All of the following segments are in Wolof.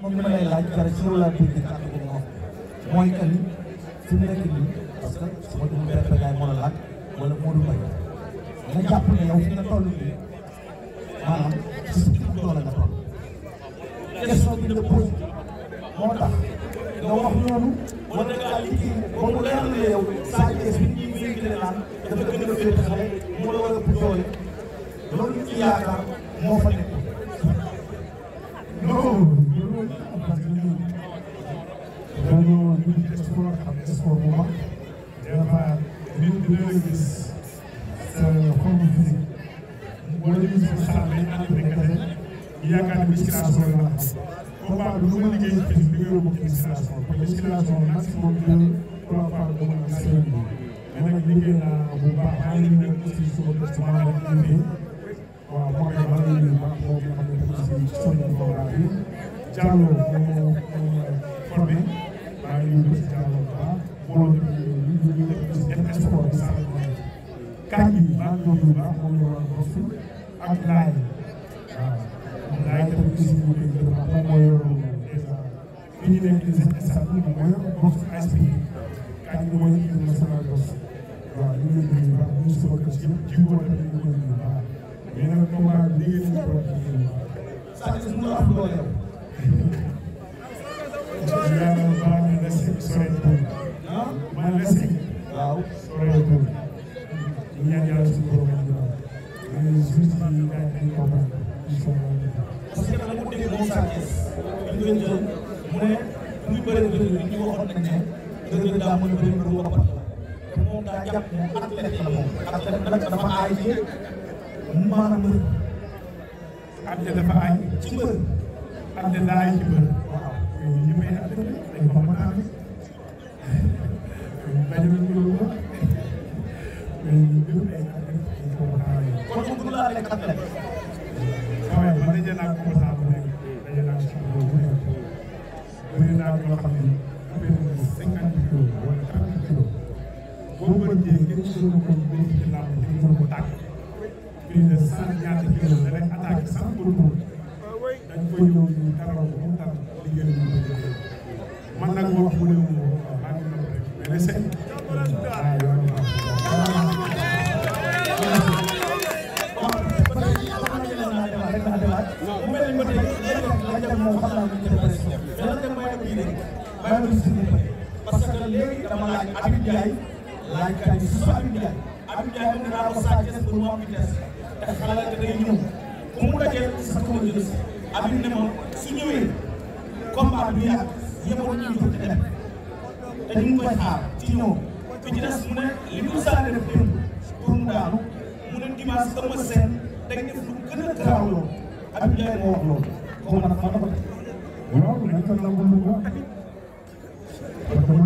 moom li ma lay laaj dara ci loolu laa déggee kàddu gi nga wax mooy que ni nekk nii parce que su ma moo la laaj wala moo du bëri nga jàpp ne yow moo tax nga wax noonu wala nga liggéey ba mu leer la yow a bu doole loolu ñu yaakaar moo fa nekk. bu leen gis forme physique boo ñu gis ko sax dañ ànd rek kese yaakaar ne musculation la am combat bi lu ma liggéey ci physique bi nga yóbbu ci musculation kon musculation maximum deux trois fois nga mën a semaine bi mais nag liggéey naa bu baax maa ngi leen aussi suma def sama la liggéey waaw moo koy maa ngi leen baax moo xam ne aussi sonn na ko waa bi jàlloo Touba moom la war a ak laay waaw laay tamit gis nañu ne moom moo yoroon bi ñu nekk ci stade bi moom moo yoroon box ASP kan mooy équipe nationale box waaw ñu ngi leen di baax ñu sama kër ci jiw wala ñu ngi leen di baax mais nag combat bi liggéey nañu ko wax dëgg yàlla. am doole. yàlla baax na la si soreetul. ah man la si. waaw soreetul. ñu ñaan yàlla suñu borom il faut moom déglu parce que dama ko déggee moom Sa Thiès ñu leen jël mu ne muy bëri bëri ñu waxoon nañ ne dëgg daa mooy bëri bëri wax la te moom daa jàpp ne athlète la moom athlète nag dafa aay ci maanaam mbër athlète dafa aay ci mbër athlète daa aay ci mbër waaw yooyu ñu may athlète yoo xam ne amee nañ cinquante kilos wala trente kilos boo ko jiyee ngeen jëloon ko bëri ci làmb di nga mën ko tàkk plus de cent ñaata kilos da lay attaqué sans contrôle dañ koy ñëw yaa ngi tànn surtout Habib Ndiaye Habib Ndiaye moom dinaa ko saa kees ba mu am vitesse te xelal da ngay ñëw ku mu dajee sa kaw jël si Habib ne ma su ñëwee combat du yàgg yëpp a ñuy jot dem te ñu ngi koy xaar ci ñëw fi ci des mu ne li mu saa def démb pour mu daanu mu ne dimanche sama seen day def lu gën a garaaw loolu Habib Ndiaye moo wax loolu. kon man man la ko def. waaw nañ ko nangu lu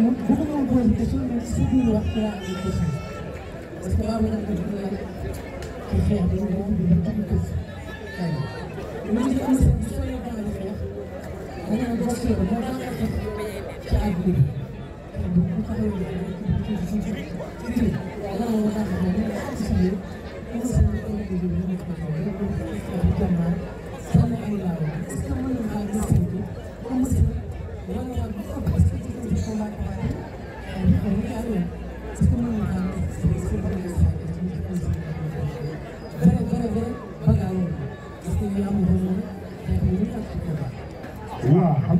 donc bëgg naa poser question mais si biir wax ci laa amee question parce que waaw nañ ko dugal ci xeex bi moom bi ñu am kër xëy na. mais li nga xam ne bu soobee ba nga xeex da ngaa doon xeex moo tax a xeex ci àdduna bi bu bu taxawee ba nga ci biir kër gi ci biir da ngaa war a taxaw da ngaa ci suñu yëpp da nga seen ay liggéey yu ñu ko xaw a yëpp da nga ko xeex bu jàmbaar sama ay laaw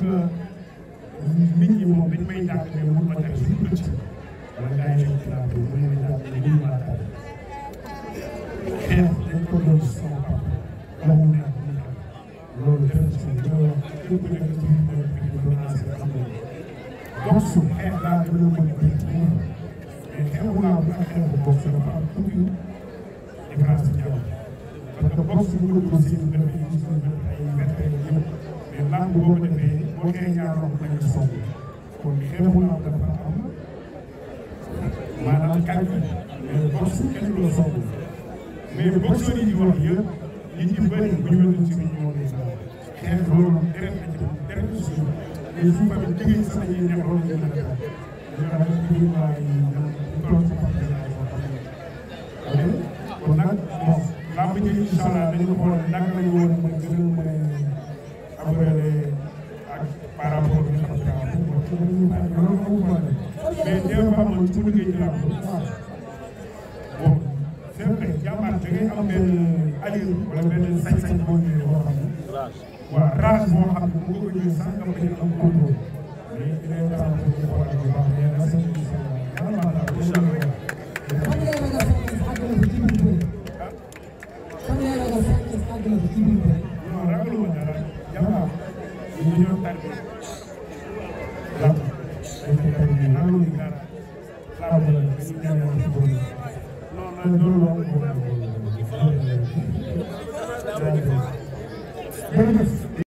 la euh, nit ñi moom dañ may jàppale wu ma tànn suñu bët yi wala gars yi fekk naa ko bu ñu la jàppale ñu ma tànn xeex dañ ko doon sama papa loolu neex na loolu def na suñu joo képp nekk ci biir kër gi di doon aase am na donc su xeex laa dama mën a bëri mais xeexu naa bu ak xeexu bopp dafa am tuuti différence ci jaww parce que bopp su ñu ko boo jëlee ñaar romb da nga soow kon xeexu lamb dafa am maanaam kàddu mais box kenn du la soow yëpp li ci bëri bu ñu ci bi ñu woon loolu deret na ci deret na ci mais suuf tamit jigéen sax yi nekk loolu ñu mën a xool naka lañu woon mën gën a mën a par rapport ak mais des fois man su ma duggee ci làmb bon c'est vrai jàmbaar da ngay am benn allure wala benn sañ-sañ boo ñëwee boo xam ne waaw rage boo xam ne mu ngi ko jël sax nga bañ a am contrôle mais il est temps pour ñu xoolal bu baax mais nag Alhamdulillah. Alhamdulillah.